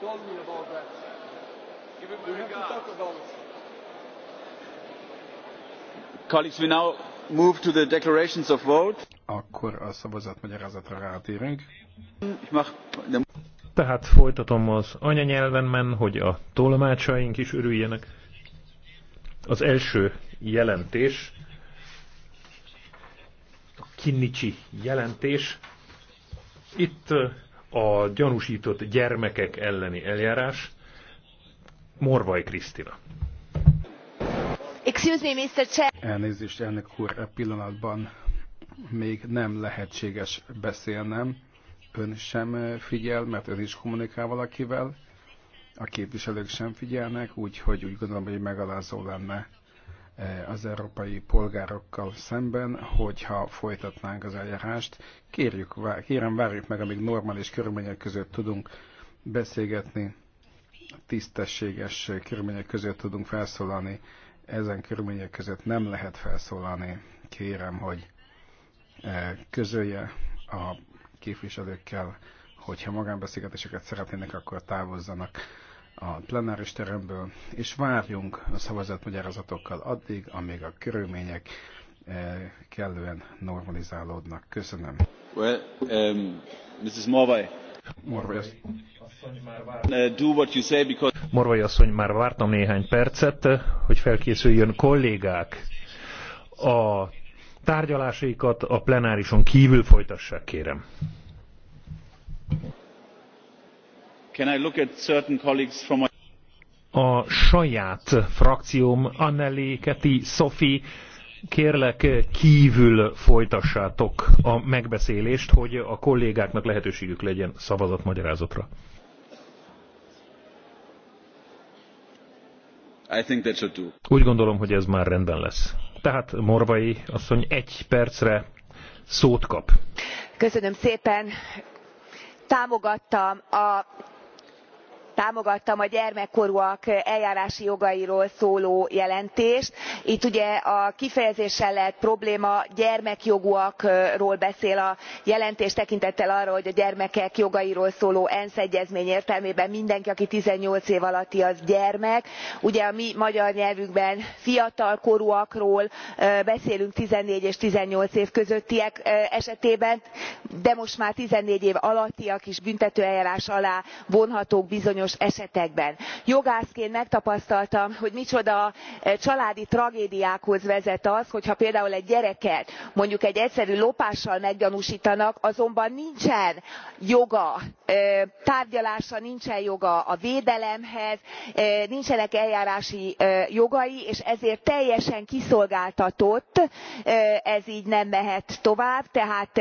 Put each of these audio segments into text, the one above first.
told me about that. Give him we have to talk about it. Colleagues, we now move to the declarations of vote. Akkor a szavazatmagyarázatra rátérünk. Tehát folytatom az anyanyelvenben, hogy a tolmácsaink is örüljenek. Az első jelentés, a Kinnicsi jelentés. Itt a gyanúsított gyermekek elleni eljárás. Morvai Krisztina. Excuse me, Mr. Chair. Elnézést, elnök úr, e pillanatban még nem lehetséges beszélnem. Ön sem figyel, mert ön is kommunikál valakivel. A képviselők sem figyelnek, úgyhogy úgy gondolom, hogy megalázó lenne Eh, az európai polgárokkal szemben, hogyha folytatnánk az eljárást. Kérjük, kérem, várjuk meg, amíg normális körülmények között tudunk beszélgetni, tisztességes körülmények között tudunk felszólalni. Ezen körülmények között nem lehet felszólalni. Kérem, hogy eh, közölje a képviselőkkel, hogyha magánbeszélgetéseket szeretnének, akkor távozzanak a plenáris teremből, és várjunk a szavazatmagyarázatokkal addig, amíg a körülmények eh, kellően normalizálódnak. Köszönöm. Well, um, Mrs. Morvai. Morvai uh, do what you say because... Morvai asszony már vártam néhány percet, eh, hogy felkészüljön kollégák a tárgyalásaikat a plenárison kívül folytassák, kérem. A saját frakcióm Anneli, Keti, Sophie, kérlek kvül folytassátok a megbeszélést, hogy a kollégáknak lehetőségük legyen szavazatmagyarázatra. I think that should do. Úgy gondolom, hogy ez már rendben lesz. Tehát Morvai asszony egy percre szót kap. Köszönöm szépen. Támogattam a támogattam a gyermekkorúak eljárási jogairól szóló jelentést itt ugye a kifejezéssel lett probléma gyermekjogúakról beszél a jelentés tekintettel arra hogy a gyermekek jogairól szóló ensz egyezmény értelmében mindenki aki eighteen év alatti az gyermek ugye a mi magyar nyelvünkben fiatalkorúakról beszélünk fourteen és eighteen év közöttiek esetében de most már fourteen év alattiak is büntetőeljárás alá vonhatók bizonyos bizonyos esetekben. jogászként megtapasztaltam hogy micsoda eh, családi tragédiákhoz vezet az hogyha például egy gyereket mondjuk egy egyszerű lopással meggyanústanak azonban nincsen joga eh, tárgyalásra nincsen joga a védelemhez eh, nincsenek eljárási jogai és ezért teljesen kiszolgáltatott ez gy nem mehet tovább tehát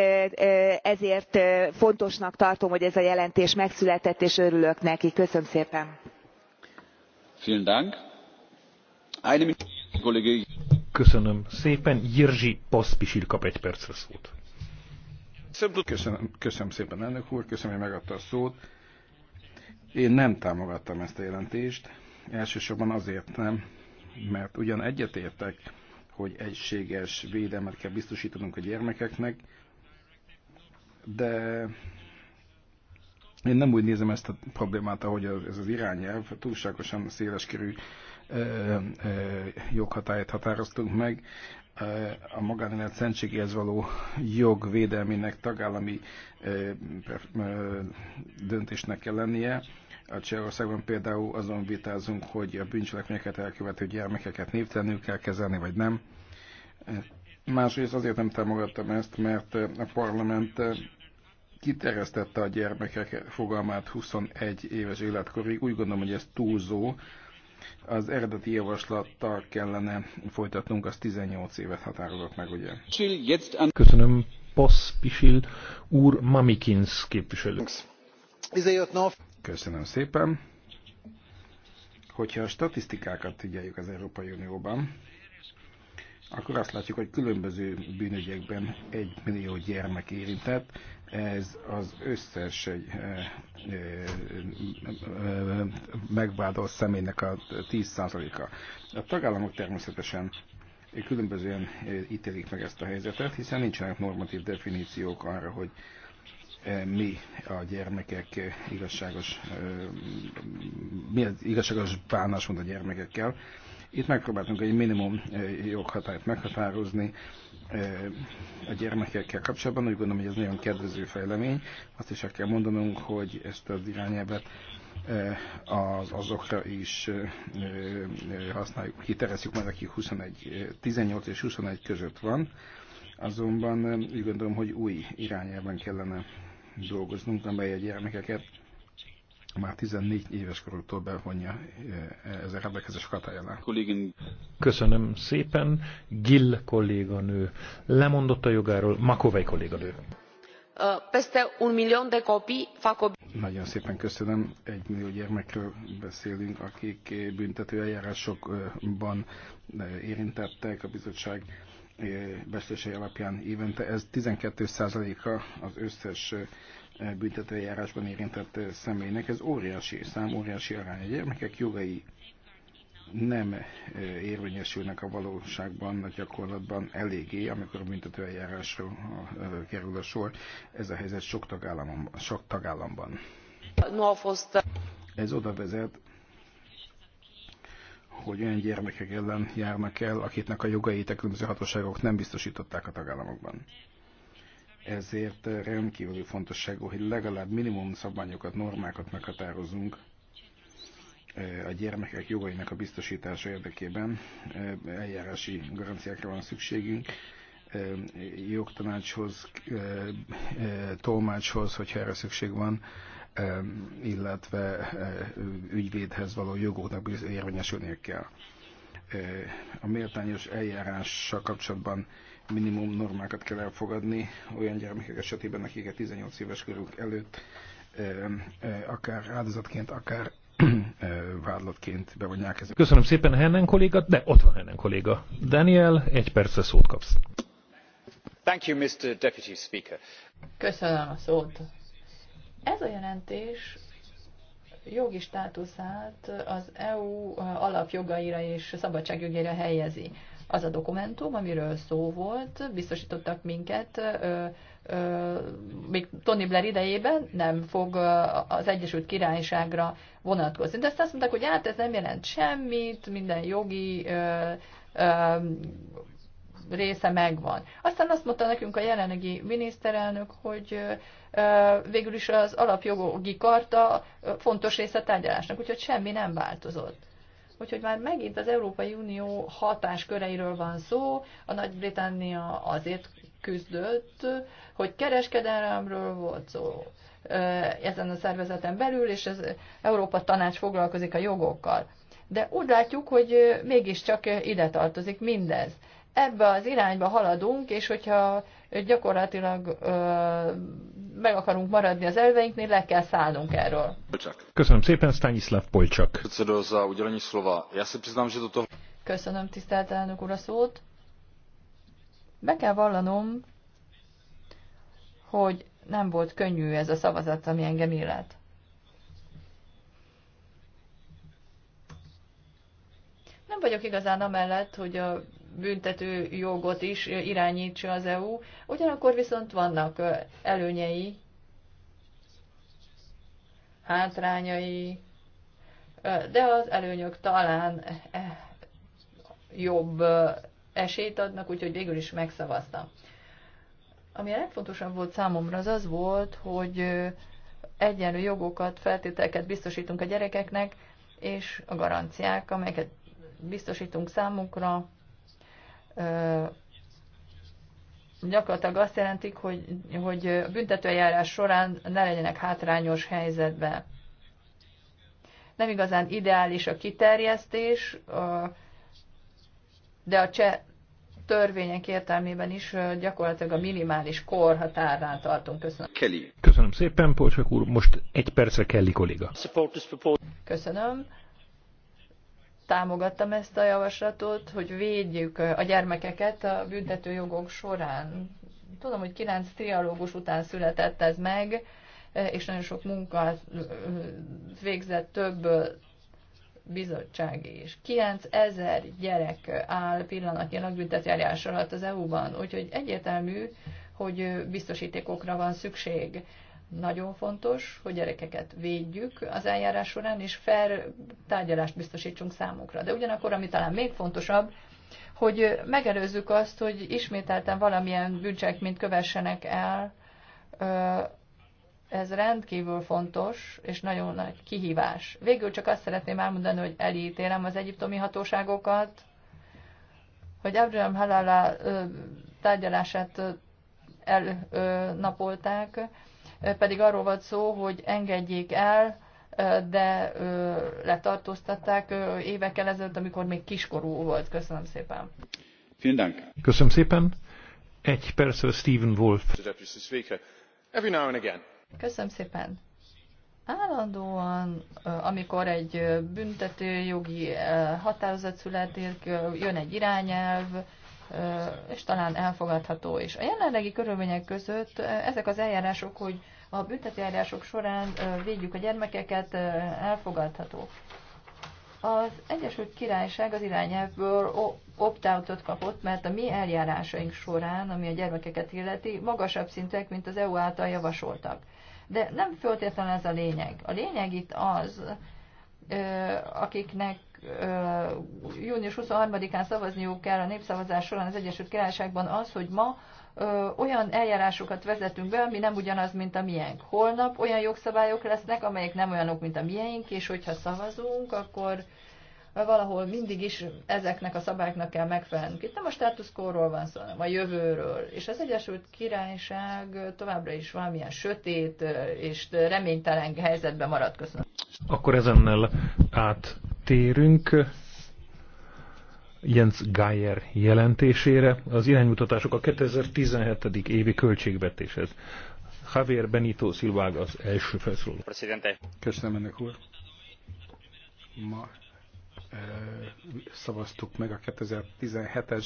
ezért fontosnak tartom hogy ez a jelentés megszületett és örülök neki köszönöm szépen! percre Köszönöm, szépen hogy megadta a szót. Én nem támogattam ezt a jelentést, elsősorban azért nem, mert ugyan egyetértek, hogy egységes védelmet kell biztosítanunk a gyermekeknek, de én nem úgy nézem ezt a problémát, ahogy ez az irányelv túlságosan széleskörű joghatályt határoztunk meg. A magánélet szentségéhez való jog védelmének tagállami döntésnek kell lennie. A Csehországban például azon vitázunk, hogy a bűncselekményeket elkövető gyermekeket névtelenül kell kezelni, vagy nem. Másrészt azért nem támogattam ezt, mert a parlament kiterjesztette a gyermekek fogalmát 21 éves életkorig. Úgy gondolom, hogy ez túlzó. Az eredeti javaslattal kellene folytatnunk, az 18 évet határozott meg, ugye? Köszönöm, Posz Pisil úr Mamikins képviselő. Köszönöm szépen. Hogyha a statisztikákat figyeljük az Európai Unióban, akkor azt látjuk, hogy különböző bűnögyekben egy millió gyermek érintett. Ez az összes egy, eh, eh, megvádolt személynek a 10%-a. A tagállamok természetesen különbözően eh, ítélik meg ezt a helyzetet, hiszen nincsenek normatív definíciók arra, hogy mi a gyermekek igazságos, mi az igazságos bánásmód a gyermekekkel itt megpróbáltunk egy minimum joghatályt meghatározni a gyermekekkel kapcsolatban. Úgy gondolom, hogy ez nagyon kedvező fejlemény. Azt is el kell mondanunk, hogy ezt az irányelvet az, azokra is használjuk, kiterezzük majd, aki 21, 18 és 21 között van. Azonban úgy gondolom, hogy új irányelven kellene dolgoznunk, amely a gyermekeket már 14 éves korútól bevonja e, ezek rendelkezés hatájára. Köszönöm szépen. Gill kolléganő lemondott a jogáról, Makovej kolléganő. Peste un millió de copi Nagyon szépen köszönöm. Egy millió gyermekről beszélünk, akik e, büntető eljárásokban e, érintettek a bizottság beszélései alapján évente. Ez 12%-a az összes büntetőjárásban érintett személynek. Ez óriási szám, óriási arány. A gyermekek jogai nem érvényesülnek a valóságban, a gyakorlatban eléggé, amikor a büntetőeljárásra kerül a sor. Ez a helyzet sok tagállamban. Sok tagállamban. Ez oda vezet, hogy olyan gyermekek ellen járnak el, akiknek a jogait a különböző hatóságok nem biztosították a tagállamokban ezért rendkívül fontosságú, hogy legalább minimum szabványokat, normákat meghatározunk e, a gyermekek jogainak a biztosítása érdekében. E, eljárási garanciákra van szükségünk, e, jogtanácshoz, tolmácshoz, hogyha erre szükség van, illetve ügyvédhez való jogoknak érvényesülnie kell. A méltányos eljárással kapcsolatban minimum normákat kell elfogadni olyan gyermekek esetében, akiket 18 éves körük előtt akár áldozatként, akár vádlatként bevonják ezeket. Köszönöm szépen Hennen kolléga, de ott van Hennen kolléga. Daniel, egy percre szót kapsz. Thank you, Mr. Deputy Speaker. Köszönöm a szót. Ez a jelentés jogi státuszát az EU alapjogaira és szabadságjogaira helyezi. Az a dokumentum, amiről szó volt, biztosítottak minket, ö, ö, még Tony Blair idejében nem fog az Egyesült Királyságra vonatkozni. De azt mondták, hogy hát ez nem jelent semmit, minden jogi ö, ö, része megvan. Aztán azt mondta nekünk a jelenlegi miniszterelnök, hogy végül is az alapjogi karta fontos része a tárgyalásnak, úgyhogy semmi nem változott. Úgyhogy már megint az Európai Unió hatásköreiről van szó, a Nagy-Britannia azért küzdött, hogy kereskedelemről volt szó ezen a szervezeten belül, és az Európa Tanács foglalkozik a jogokkal. De úgy látjuk, hogy mégiscsak ide tartozik mindez. Ebbe az irányba haladunk, és hogyha gyakorlatilag meg akarunk maradni az elveinknél, le kell szállnunk erről. Köszönöm szépen, Stanislav Polcsak. Köszönöm, tisztelt elnök úr, a szót. Be kell vallanom, hogy nem volt könnyű ez a szavazat, ami engem illet. Nem vagyok igazán amellett, hogy a büntető jogot is irányítsa az EU, ugyanakkor viszont vannak előnyei, hátrányai, de az előnyök talán eh, jobb esélyt adnak, úgyhogy végül is megszavaztam. Ami a legfontosabb volt számomra, az az volt, hogy egyenlő jogokat, feltételeket biztosítunk a gyerekeknek, és a garanciák, amelyeket biztosítunk számukra, gyakorlatilag azt jelentik, hogy, hogy a büntetőjárás során ne legyenek hátrányos helyzetben. Nem igazán ideális a kiterjesztés, de a cseh törvények értelmében is gyakorlatilag a minimális korhatárnál tartunk. Köszönöm. Kelly. Köszönöm szépen, Polcsak úr. Most egy percre Kelly kolléga. Köszönöm támogattam ezt a javaslatot, hogy védjük a gyermekeket a büntetőjogok során. Tudom, hogy kilenc trialógus után született ez meg, és nagyon sok munkát végzett több bizottság is. ezer gyerek áll pillanatnyilag büntetjárás alatt az EU-ban, úgyhogy egyértelmű, hogy biztosítékokra van szükség. Nagyon fontos, hogy gyerekeket védjük az eljárás során, és fair tárgyalást biztosítsunk számukra. De ugyanakkor, ami talán még fontosabb, hogy megelőzzük azt, hogy ismételten valamilyen bűncselekményt kövessenek el, ez rendkívül fontos és nagyon nagy kihívás. Végül csak azt szeretném elmondani, hogy elítélem az egyiptomi hatóságokat, hogy Abraham Halala tárgyalását elnapolták, Eh, pedig arról volt szó, hogy engedjék el, eh, de eh, letartóztatták évekkel ezelőtt, amikor még kiskorú volt. Köszönöm szépen. Köszönöm szépen. Egy percre Stephen Wolf. Köszönöm szépen. Állandóan, amikor egy büntetőjogi határozat születik, jön egy irányelv, és talán elfogadható is. A jelenlegi körülmények között ezek az eljárások, hogy a eljárások során védjük a gyermekeket, elfogadható. Az Egyesült Királyság az irányelvből opt-outot kapott, mert a mi eljárásaink során, ami a gyermekeket illeti, magasabb szintek, mint az EU által javasoltak. De nem föltétlenül ez a lényeg. A lényeg itt az, akiknek június 23-án szavazniuk kell a népszavazás során az Egyesült Királyságban az, hogy ma olyan eljárásokat vezetünk be, ami nem ugyanaz, mint a miénk. Holnap olyan jogszabályok lesznek, amelyek nem olyanok, mint a miénk, és hogyha szavazunk, akkor valahol mindig is ezeknek a szabályoknak kell megfelelnünk. Itt nem a quo-ról van szó, hanem a jövőről. És az Egyesült Királyság továbbra is valamilyen sötét és reménytelen helyzetben maradt. Köszönöm. Akkor ezennel áttérünk Jens Geyer jelentésére az iránymutatások a 2017. évi költségvetéshez. Javier Benito Silvág az első felszóló. Köszönöm ennek úr. Ma szavaztuk meg a 2017-es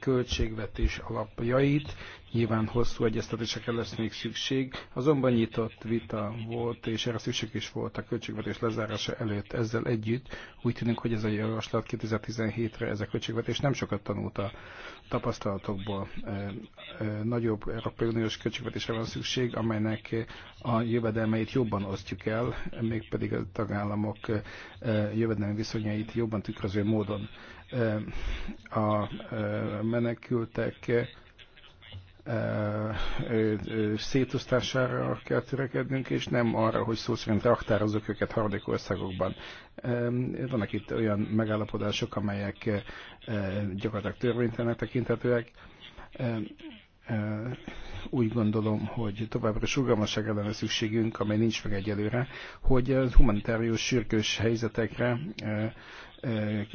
költségvetés alapjait. Nyilván hosszú egyeztetésekre lesz még szükség, azonban nyitott vita volt, és erre szükség is volt a költségvetés lezárása előtt ezzel együtt. Úgy tűnik, hogy ez a javaslat 2017-re ez a költségvetés nem sokat tanult a tapasztalatokból. Nagyobb Európai Uniós költségvetésre van szükség, amelynek a jövedelmeit jobban osztjuk el, mégpedig a tagállamok jövedelmi viszonyait jobban tükröző módon a menekültek e, e, szétosztására kell törekednünk, és nem arra, hogy szó szerint raktározok őket harmadik országokban. E, vannak itt olyan megállapodások, amelyek gyakorlatilag törvénytelenek tekintetőek. Úgy gondolom, hogy továbbra is sugalmasságra lenne szükségünk, amely nincs meg egyelőre, hogy humanitárius sürgős helyzetekre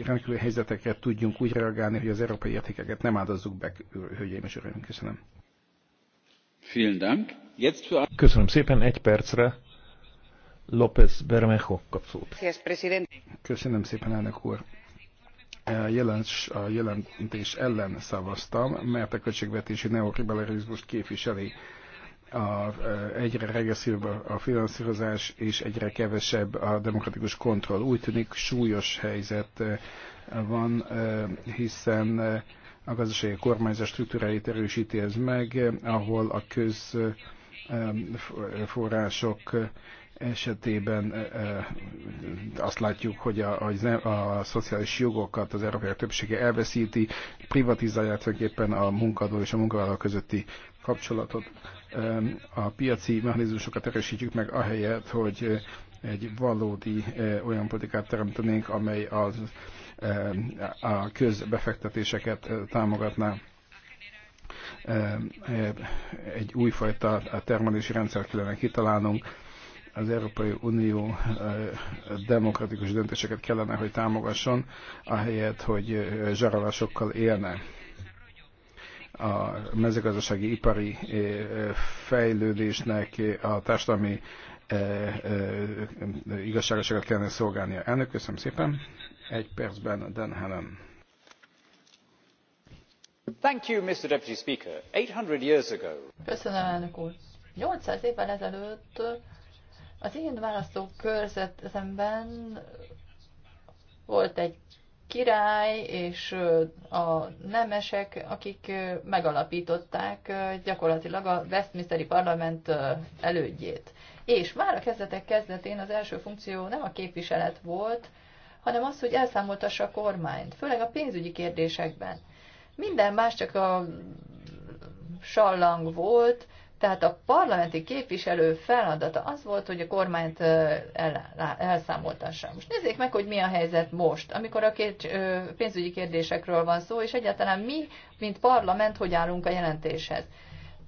rendkívüli helyzeteket tudjunk úgy reagálni, hogy az európai értékeket nem áldozzuk be, hölgyeim és uraim. Köszönöm. Köszönöm szépen. Egy percre López Bermejo kap szót. Köszönöm szépen, elnök úr. Jelens, a jelentés ellen szavaztam, mert a költségvetési neoliberalizmust képviseli a, egyre regresszívebb a finanszírozás, és egyre kevesebb a demokratikus kontroll. Úgy tűnik súlyos helyzet eh, van, eh, hiszen eh, a gazdasági kormányzás struktúráit erősíti ez meg, ahol a közforrások esetében azt látjuk, hogy a, a, e, a szociális jogokat az európai többsége elveszíti, privatizálja tulajdonképpen a munkadó és a munkavállaló közötti kapcsolatot a piaci mechanizmusokat erősítjük meg ahelyett, hogy eh, egy valódi eh, olyan politikát teremtenénk, amely az, a közbefektetéseket eh, támogatná egy újfajta termelési rendszert kellene kitalálnunk. Az Európai Unió demokratikus döntéseket kellene, hogy támogasson, ahelyett, hogy zsarolásokkal élne a mezőgazdasági ipari eh, fejlődésnek a társadalmi eh, eh, igazságoságot kellene szolgálnia. Elnök, köszönöm szépen. Egy percben Dan Helen. Thank you, Mr. Deputy Speaker. 800 years ago. Köszönöm, elnök úr. 800 évvel ezelőtt az én választókörzetemben volt egy király és a nemesek, akik megalapították gyakorlatilag a Westminsteri parlament elődjét. És már a kezdetek kezdetén az első funkció nem a képviselet volt, hanem az, hogy elszámoltassa a kormányt, főleg a pénzügyi kérdésekben. Minden más csak a sallang volt, tehát a parlamenti képviselő feladata az volt, hogy a kormányt elszámoltassa. Most nézzék meg, hogy mi a helyzet most, amikor a két pénzügyi kérdésekről van szó, és egyáltalán mi, mint parlament, hogy állunk a jelentéshez.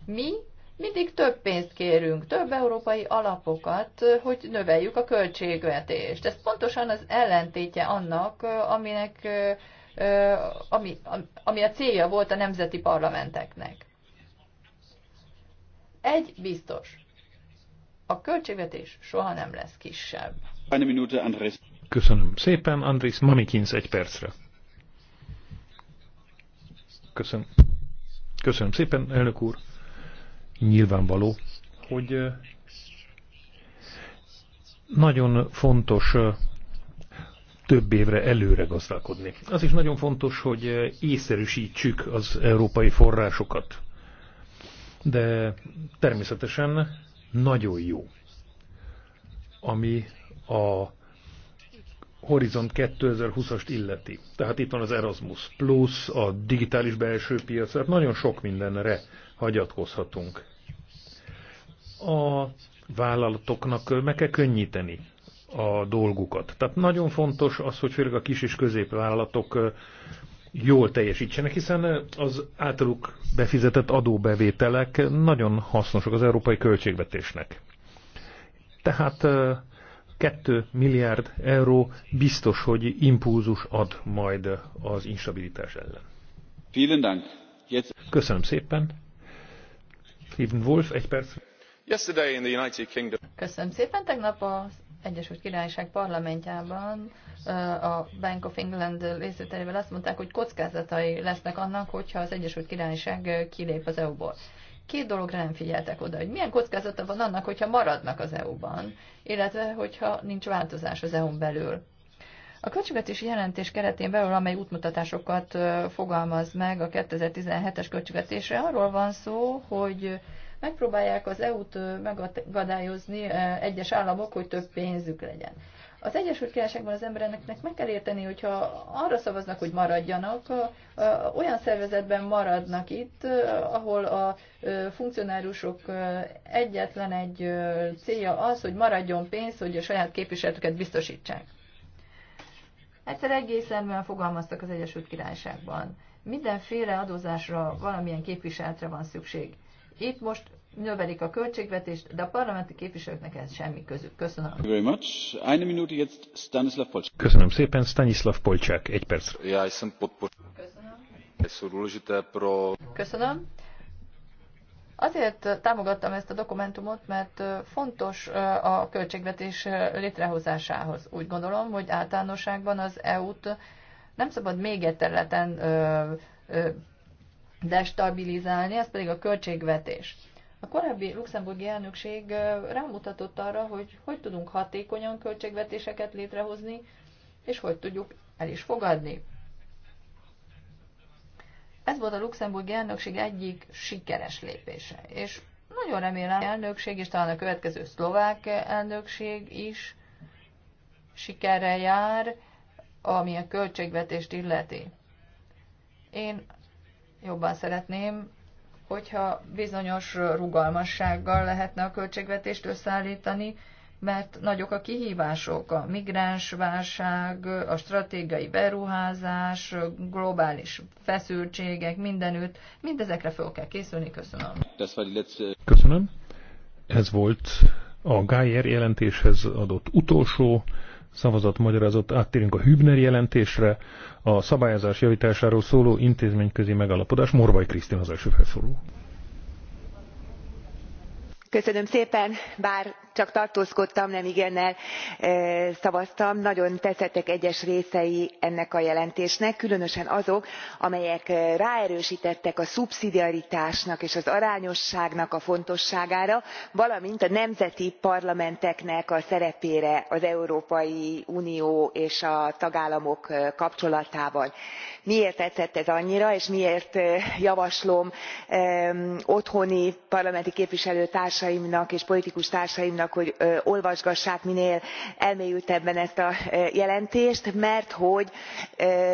Mi mindig több pénzt kérünk, több európai alapokat, hogy növeljük a költségvetést. Ez pontosan az ellentétje annak, aminek, ami, ami a célja volt a nemzeti parlamenteknek. Egy biztos, a költségvetés soha nem lesz kisebb. Köszönöm szépen, mami Mamikins egy percre. Köszönöm. Köszönöm szépen, elnök úr. Nyilvánvaló, hogy nagyon fontos több évre előre gazdálkodni. Az is nagyon fontos, hogy észszerűsítsük az európai forrásokat de természetesen nagyon jó, ami a Horizont 2020-ast illeti. Tehát itt van az Erasmus Plus, a digitális belső piac, tehát nagyon sok mindenre hagyatkozhatunk. A vállalatoknak meg kell könnyíteni a dolgukat. Tehát nagyon fontos az, hogy főleg a kis és középvállalatok jól teljesítsenek, hiszen az általuk befizetett adóbevételek nagyon hasznosak az európai költségvetésnek. Tehát 2 milliárd euró biztos, hogy impulzus ad majd az instabilitás ellen. Köszönöm szépen. Stephen Wolf, egy perc. Köszönöm szépen. Tegnap az Egyesült Királyság parlamentjában a Bank of England részvételével azt mondták, hogy kockázatai lesznek annak, hogyha az Egyesült Királyság kilép az EU-ból. Két dologra nem figyeltek oda, hogy milyen kockázata van annak, hogyha maradnak az EU-ban, illetve hogyha nincs változás az EU-n belül. A költségvetési jelentés keretén belül, amely útmutatásokat fogalmaz meg a 2017-es költségvetésre, arról van szó, hogy megpróbálják az EU-t megadályozni egyes államok, hogy több pénzük legyen. Az Egyesült Királyságban az embereknek meg kell érteni, hogyha arra szavaznak, hogy maradjanak, olyan szervezetben maradnak itt, ahol a funkcionárusok egyetlen egy célja az, hogy maradjon pénz, hogy a saját képviseletüket biztosítsák. Egyszer egészen fogalmaztak az Egyesült Királyságban. Mindenféle adózásra, valamilyen képviseletre van szükség. Itt most növelik a költségvetést, de a parlamenti képviselőknek ez semmi közük. Köszönöm. Very much. Eine Minute jetzt Stanislav Polcsák. Köszönöm szépen, Stanislav Polcsák, egy perc. Ja, podpor... Köszönöm. Köszönöm. Azért támogattam ezt a dokumentumot, mert fontos a költségvetés létrehozásához. Úgy gondolom, hogy általánosságban az EU-t nem szabad még egy területen destabilizálni, ez pedig a költségvetés. A korábbi luxemburgi elnökség rámutatott arra, hogy hogy tudunk hatékonyan költségvetéseket létrehozni, és hogy tudjuk el is fogadni. Ez volt a luxemburgi elnökség egyik sikeres lépése, és nagyon remélem, a elnökség, és talán a következő szlovák elnökség is sikerre jár, ami a költségvetést illeti. Én jobban szeretném, hogyha bizonyos rugalmassággal lehetne a költségvetést összeállítani, mert nagyok a kihívások, a migránsválság, a stratégiai beruházás, globális feszültségek mindenütt, mindezekre fel kell készülni. Köszönöm. Uh, Köszönöm. Ez volt a Gájer jelentéshez adott utolsó szavazat magyarázott, áttérünk a Hübner jelentésre, a szabályozás javításáról szóló intézményközi megalapodás. Morvai Krisztin az első felszóló bár csak tartózkodtam nem igennel e, szavaztam nagyon tetszettek egyes részei ennek a jelentésnek különösen azok amelyek e, ráerőstettek a szubszidiaritásnak és az arányosságnak a fontosságára valamint a nemzeti parlamenteknek a szerepére az európai unió és a tagállamok e, kapcsolatában. miért tetszett ez annyira és miért javaslom otthoni parlamenti képviselőtársaimnak társaimnak és politikus társaimnak hogy olvasgassák minél elmélyültebben ezt a jelentést merthogy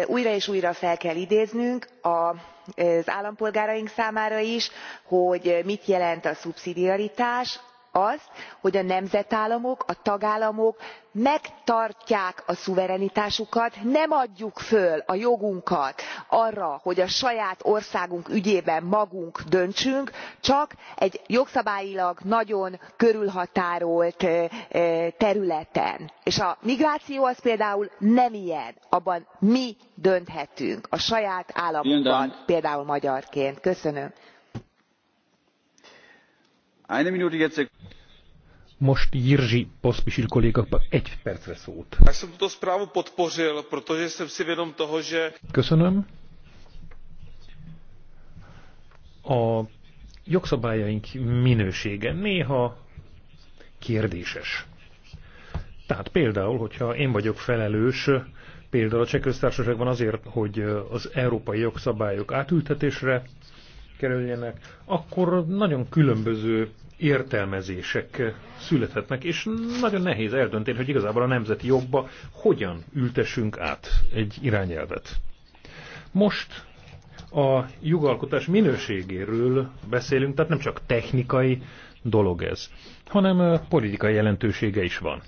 újra és újra fel kell idéznünk az állampolgáraink számára is hogy mit jelent a szubszidiaritás azt hogy a nemzetállamok a tagállamok megtartják a szuverenitásukat nem adjuk föl a jogunkat arra hogy a saját országunk ügyében magunk döntsünk csak egy jogszabályilag nagyon körülhatárolt területen. és a migráció az például nem ilyen abban mi dönthetünk a saját államunkban például magyarként. köszönöm. Most Jiří Pospíšil kolléga egy percre szót. Já jsem tuto zprávu podpořil, protože jsem si vědom toho, že... Köszönöm. A jogszabályaink minősége néha kérdéses. Tehát például, hogyha én vagyok felelős, például a Cseh Köztársaságban azért, hogy az európai jogszabályok átültetésre kerüljenek, akkor nagyon különböző értelmezések születhetnek, és nagyon nehéz eldönteni, hogy igazából a nemzeti jogba hogyan ültessünk át egy irányelvet. Most a jogalkotás minőségéről beszélünk, tehát nem csak technikai dolog ez, hanem politikai jelentősége is van.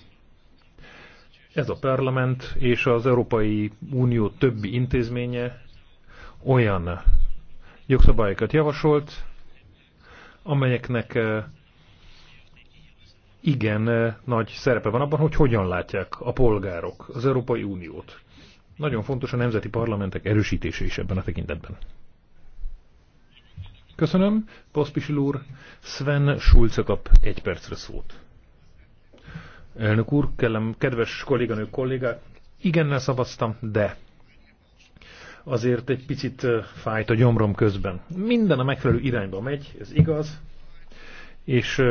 Ez a parlament és az Európai Unió többi intézménye olyan jogszabályokat javasolt, amelyeknek eh, igen eh, nagy szerepe van abban, hogy hogyan látják a polgárok az Európai Uniót. Nagyon fontos a nemzeti parlamentek erősítése is ebben a tekintetben. Köszönöm, Poszpisil úr. Sven Schulze kap egy percre szót. Elnök úr, kellem, kedves kolléganők, kollégák, igennel szavaztam, de azért egy picit fájt a gyomrom közben. Minden a megfelelő irányba megy, ez igaz, és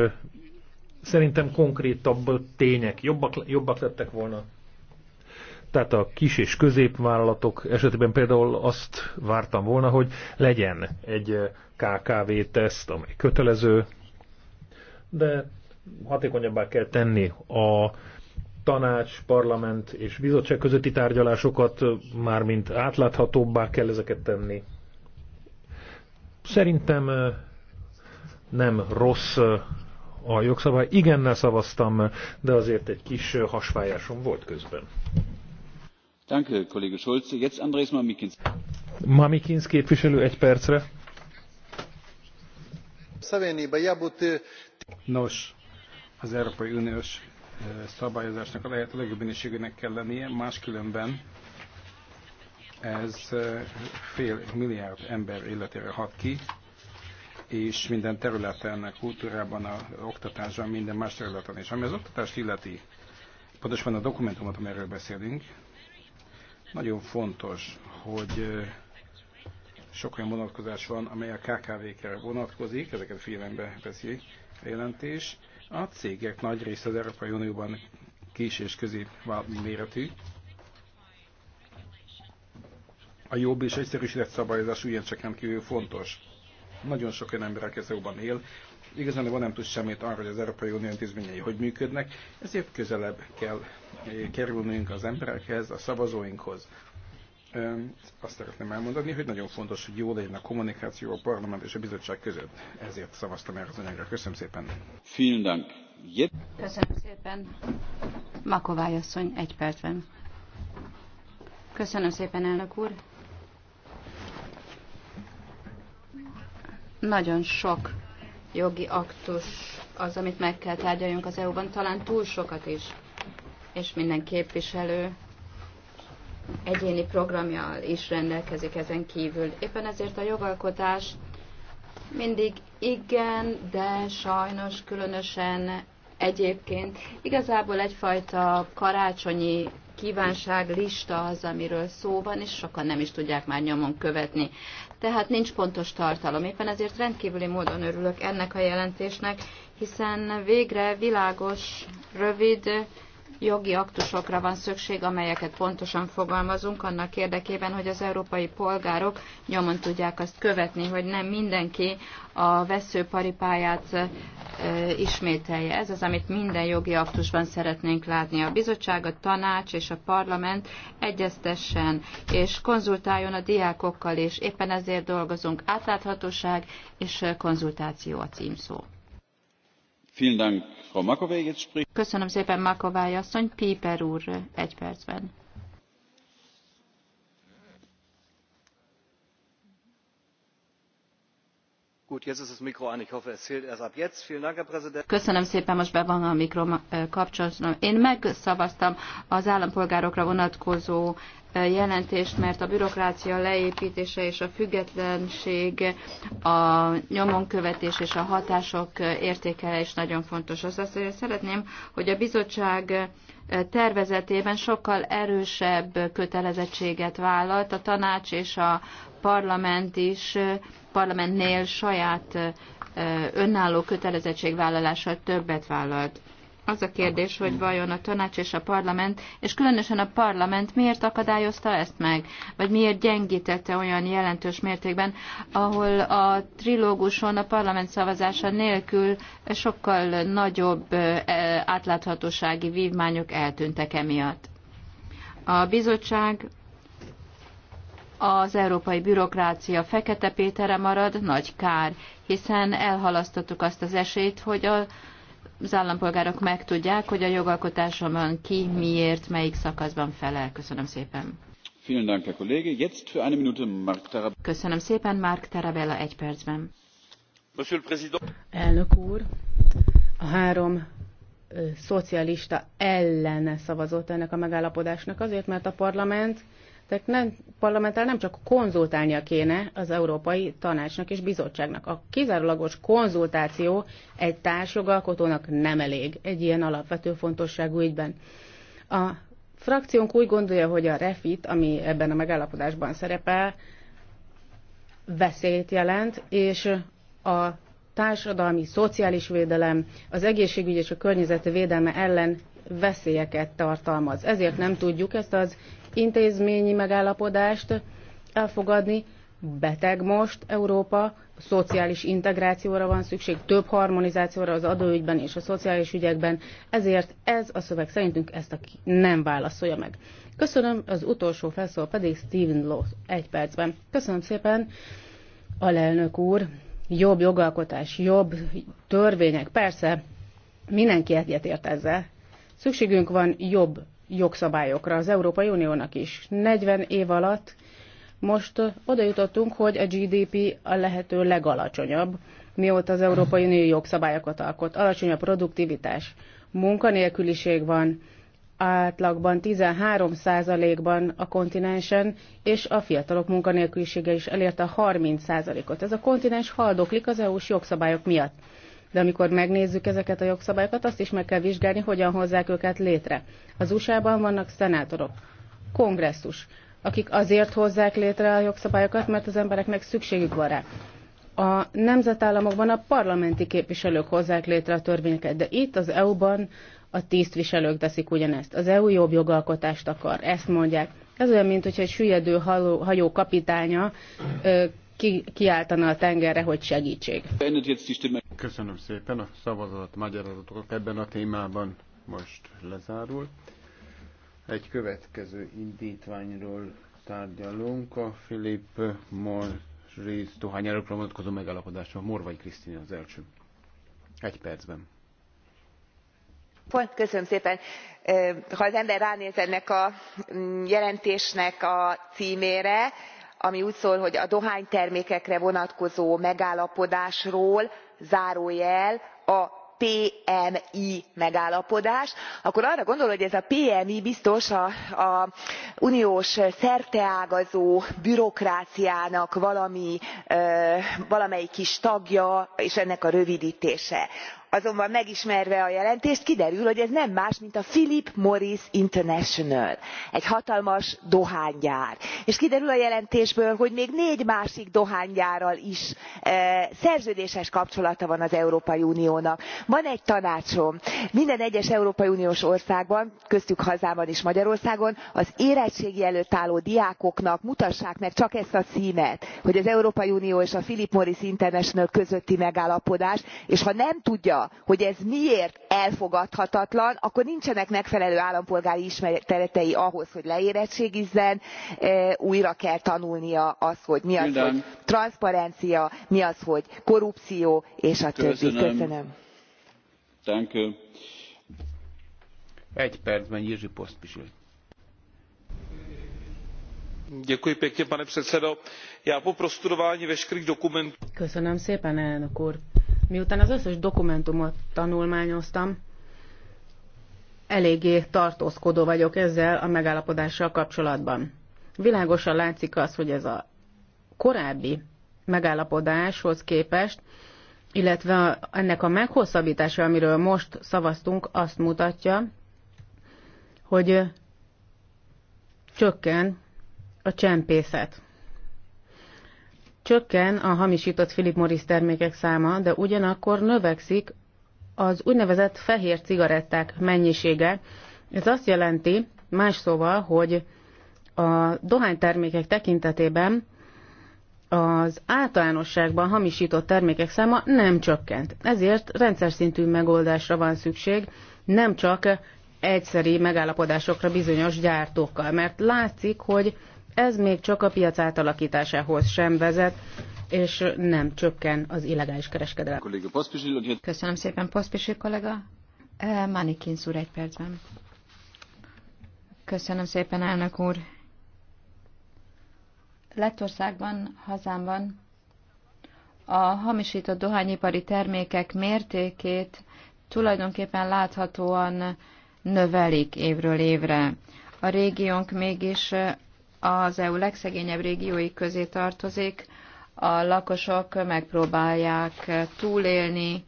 szerintem konkrétabb tények jobbak, jobbak lettek volna. Tehát a kis és középvállalatok esetében például azt vártam volna, hogy legyen egy KKV-teszt, amely kötelező, de hatékonyabbá kell tenni a tanács, parlament és bizottság közötti tárgyalásokat mármint átláthatóbbá kell ezeket tenni. Szerintem nem rossz a jogszabály. Igennel szavaztam, de azért egy kis hasfájásom volt közben. Danke, Kollege Schulz. Jetzt Andrés Mamikins. Mamikins képviselő egy percre. Nos, az Európai Uniós szabályozásnak a lehető legjobb minőségűnek kell lennie, máskülönben ez fél milliárd ember életére hat ki, és minden területen, a kultúrában, a oktatásban, minden más területen is. Ami az oktatást illeti, pontosan a dokumentumot, amiről beszélünk, nagyon fontos, hogy sok olyan vonatkozás van, amely a KKV-kre vonatkozik, ezeket figyelembe veszi a jelentés. A cégek nagy része az Európai Unióban kis és közép méretű. A jobb és egyszerűsített szabályozás ugyancsak kívül fontos. Nagyon sok olyan ember, aki él, igazán van nem tud semmit arra, hogy az Európai Unió intézményei hogy működnek, ezért közelebb kell eh, kerülnünk az emberekhez, a szavazóinkhoz azt szeretném elmondani, hogy nagyon fontos, hogy jó legyen a kommunikáció a parlament és a bizottság között. Ezért szavaztam erre az anyagra. Köszönöm szépen. Vielen Köszönöm szépen. Makovály asszony, egy percben. Köszönöm szépen, elnök úr. Nagyon sok jogi aktus az, amit meg kell tárgyaljunk az EU-ban, talán túl sokat is. És minden képviselő egyéni programja is rendelkezik ezen kívül. Éppen ezért a jogalkotás mindig igen, de sajnos különösen egyébként igazából egyfajta karácsonyi kívánság lista az, amiről szó van, és sokan nem is tudják már nyomon követni. Tehát nincs pontos tartalom. Éppen ezért rendkívüli módon örülök ennek a jelentésnek, hiszen végre világos, rövid, jogi aktusokra van szükség, amelyeket pontosan fogalmazunk annak érdekében, hogy az európai polgárok nyomon tudják azt követni, hogy nem mindenki a veszőparipáját ismételje. Ez az, amit minden jogi aktusban szeretnénk látni. A bizottság, a tanács és a parlament egyeztessen és konzultáljon a diákokkal, és éppen ezért dolgozunk. Átláthatóság és konzultáció a címszó. Vielen Dank. Köszönöm szépen, Makovály asszony. Piper úr, egy percben. Köszönöm szépen, most be van a mikrom kapcsolatom. Én megszavaztam az állampolgárokra vonatkozó jelentést, mert a bürokrácia leépítése és a függetlenség, a nyomonkövetés és a hatások is nagyon fontos. Az azt, hogy szeretném, hogy a bizottság tervezetében sokkal erősebb kötelezettséget vállalt a tanács és a parlament is parlamentnél saját önálló kötelezettségvállalással többet vállalt. Az a kérdés, hogy vajon a tanács és a parlament, és különösen a parlament miért akadályozta ezt meg, vagy miért gyengítette olyan jelentős mértékben, ahol a trilóguson a parlament szavazása nélkül sokkal nagyobb átláthatósági vívmányok eltűntek emiatt. A bizottság az európai bürokrácia fekete pétere marad, nagy kár, hiszen elhalasztottuk azt az esélyt, hogy a, az állampolgárok megtudják, hogy a jogalkotásomon ki, miért, melyik szakaszban felel. Köszönöm szépen. Köszönöm szépen, Mark Tarabella egy percben. Elnök úr, a három szocialista ellene szavazott ennek a megállapodásnak azért, mert a parlament tehát nem, parlamentál nem csak konzultálnia kéne az Európai Tanácsnak és Bizottságnak. A kizárólagos konzultáció egy társjogalkotónak nem elég egy ilyen alapvető fontosságú ügyben. A frakciónk úgy gondolja, hogy a refit, ami ebben a megállapodásban szerepel, veszélyt jelent, és a társadalmi, szociális védelem, az egészségügy és a környezet védelme ellen veszélyeket tartalmaz. Ezért nem tudjuk ezt az intézményi megállapodást elfogadni. Beteg most Európa, szociális integrációra van szükség, több harmonizációra az adóügyben és a szociális ügyekben, ezért ez a szöveg szerintünk ezt aki nem válaszolja meg. Köszönöm, az utolsó felszól pedig Steven Law egy percben. Köszönöm szépen, alelnök úr, jobb jogalkotás, jobb törvények, persze mindenki ért ezzel. Szükségünk van jobb jogszabályokra, az Európai Uniónak is. 40 év alatt most oda jutottunk, hogy a GDP a lehető legalacsonyabb, mióta az Európai Unió jogszabályokat alkot. Alacsony a produktivitás, munkanélküliség van, átlagban 13%-ban a kontinensen, és a fiatalok munkanélkülisége is elérte a 30%-ot. Ez a kontinens haldoklik az EU-s jogszabályok miatt de amikor megnézzük ezeket a jogszabályokat, azt is meg kell vizsgálni, hogyan hozzák őket létre. Az USA-ban vannak szenátorok, kongresszus, akik azért hozzák létre a jogszabályokat, mert az embereknek szükségük van rá. A nemzetállamokban a parlamenti képviselők hozzák létre a törvényeket, de itt az EU-ban a tisztviselők teszik ugyanezt. Az EU jobb jogalkotást akar, ezt mondják. Ez olyan, mint hogyha egy süllyedő hajó kapitánya ki, kiáltana a tengerre, hogy segítség. Köszönöm szépen a szavazat magyarázatok ebben a témában most lezárul. Egy következő indítványról tárgyalunk a Filip Morris Tohányárokra vonatkozó megállapodásra. Morvai Krisztina az első. Egy percben. Köszönöm szépen. Ha az ember ránéz ennek a mm, jelentésnek a címére, ami úgy szól, hogy a dohánytermékekre vonatkozó megállapodásról, zárójel a pmi megállapodás akkor arra gondol hogy ez a pmi biztos az uniós szerteágazó bürokráciának valamelyik kis tagja és ennek a rövidtése azonban megismerve a jelentést kiderül hogy ez nem más mint a philip morris international egy hatalmas dohánygyár és kiderül a jelentésből hogy még négy másik dohánygyárral is e, szerződéses kapcsolata van az európai uniónak. van egy tanácsom minden egyes európai uniós országban köztük hazámban is magyarországon az érettségi előtt álló diákoknak mutassák meg csak ezt a cmet hogy az európai unió és a philip morris international közötti megállapodás és ha nem tudja hogy ez miért elfogadhatatlan akkor nincsenek megfelelő állampolgári ismeretei ahhoz hogy leérettségizzen e, újra kell tanulnia azt hogy mi az hogy transzparencia mi az hogy korrupció és a többi. köszönöm. Egy percben Jiří Pospisil. Děkuji pěkně, pane předsedo. Já po prostudování veškerých Köszönöm szépen, elnök úr Miután az összes dokumentumot tanulmányoztam, eléggé tartózkodó vagyok ezzel a megállapodással kapcsolatban. Világosan látszik az, hogy ez a korábbi megállapodáshoz képest, illetve ennek a meghosszabbítása, amiről most szavaztunk, azt mutatja, hogy csökken a csempészet. Csökken a hamisított Philip Morris termékek száma, de ugyanakkor növekszik az úgynevezett fehér cigaretták mennyisége. Ez azt jelenti, más szóval, hogy a dohánytermékek tekintetében az általánosságban hamisított termékek száma nem csökkent. Ezért rendszer szintű megoldásra van szükség, nem csak egyszeri megállapodásokra bizonyos gyártókkal, mert látszik, hogy ez még csak a piac átalakításához sem vezet, és nem csökken az illegális kereskedelem. Köszönöm szépen, Poszpisi kollega. E, Manikins úr, egy percben. Köszönöm szépen, elnök úr. Lettországban, hazámban a hamisított dohányipari termékek mértékét tulajdonképpen láthatóan növelik évről évre. A régiónk mégis az EU legszegényebb régiói közé tartozik, a lakosok megpróbálják túlélni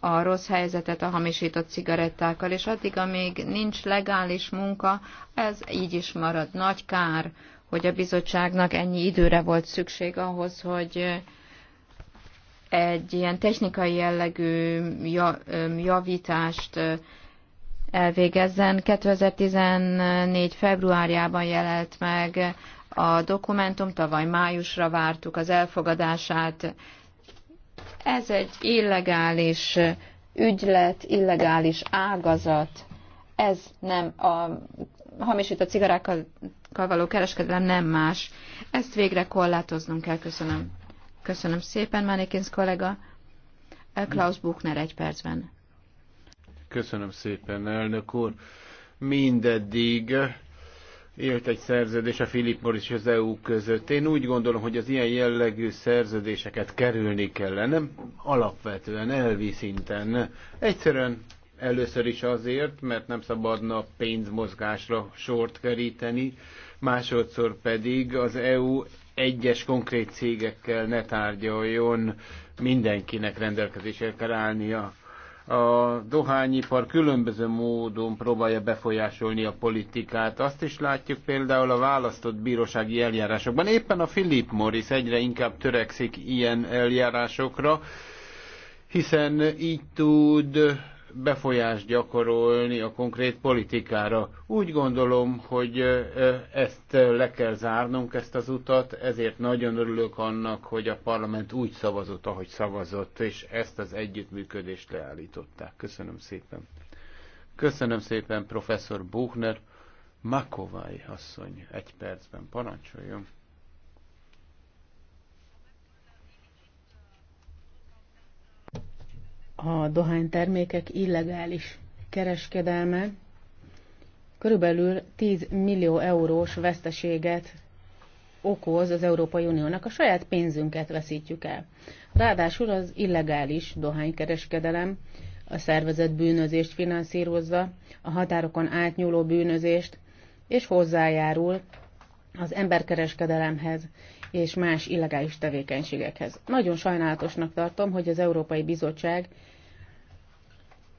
a rossz helyzetet a hamisított cigarettákkal, és addig, amíg nincs legális munka, ez így is marad. Nagy kár, hogy a bizottságnak ennyi időre volt szükség ahhoz, hogy egy ilyen technikai jellegű javítást elvégezzen. 2014. februárjában jelent meg a dokumentum, tavaly májusra vártuk az elfogadását. Ez egy illegális ügylet, illegális ágazat. Ez nem a hamisított cigarákkal való kereskedelem nem más. Ezt végre korlátoznunk kell. Köszönöm. Köszönöm szépen, Manikins kollega. Klaus Buchner egy percben. Köszönöm szépen, elnök úr. Mindeddig élt egy szerződés a Philip Morris és az EU között. Én úgy gondolom, hogy az ilyen jellegű szerződéseket kerülni kellene, alapvetően elvi szinten. Egyszerűen először is azért, mert nem szabadna pénzmozgásra sort keríteni, másodszor pedig az EU egyes konkrét cégekkel ne tárgyaljon, mindenkinek rendelkezésre kell állnia a dohányipar különböző módon próbálja befolyásolni a politikát. Azt is látjuk például a választott bírósági eljárásokban. Éppen a Philip Morris egyre inkább törekszik ilyen eljárásokra, hiszen így tud befolyást gyakorolni a konkrét politikára. Úgy gondolom, hogy ezt le kell zárnunk, ezt az utat, ezért nagyon örülök annak, hogy a parlament úgy szavazott, ahogy szavazott, és ezt az együttműködést leállították. Köszönöm szépen. Köszönöm szépen, professzor Buchner. Makovály asszony, egy percben parancsoljon. a dohánytermékek illegális kereskedelme körülbelül 10 millió eurós veszteséget okoz az Európai Uniónak, a saját pénzünket veszítjük el. Ráadásul az illegális dohánykereskedelem a szervezett bűnözést finanszírozza, a határokon átnyúló bűnözést, és hozzájárul az emberkereskedelemhez és más illegális tevékenységekhez. Nagyon sajnálatosnak tartom, hogy az Európai Bizottság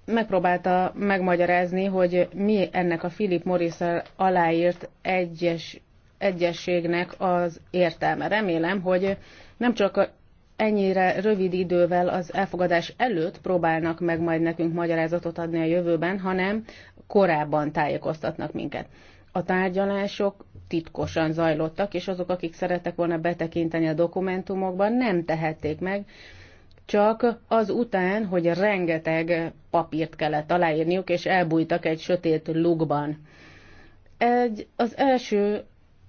megpróbálta megmagyarázni, hogy mi ennek a Philip morris aláírt egyes, egyességnek az értelme. Remélem, hogy nem csak ennyire rövid idővel az elfogadás előtt próbálnak meg majd nekünk magyarázatot adni a jövőben, hanem korábban tájékoztatnak minket. A tárgyalások titkosan zajlottak, és azok, akik szerettek volna betekinteni a dokumentumokban, nem tehették meg, csak az után, hogy rengeteg papírt kellett aláírniuk, és elbújtak egy sötét lukban. Egy, az első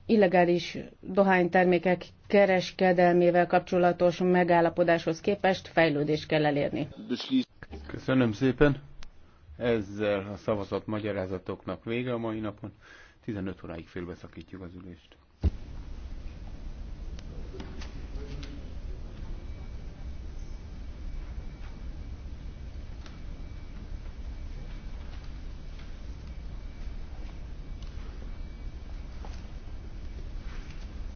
illegális dohánytermékek kereskedelmével kapcsolatos megállapodáshoz képest fejlődést kell elérni. Köszönöm szépen! Ezzel a szavazat magyarázatoknak vége a mai napon. 15 óráig félbeszakítjuk az ülést.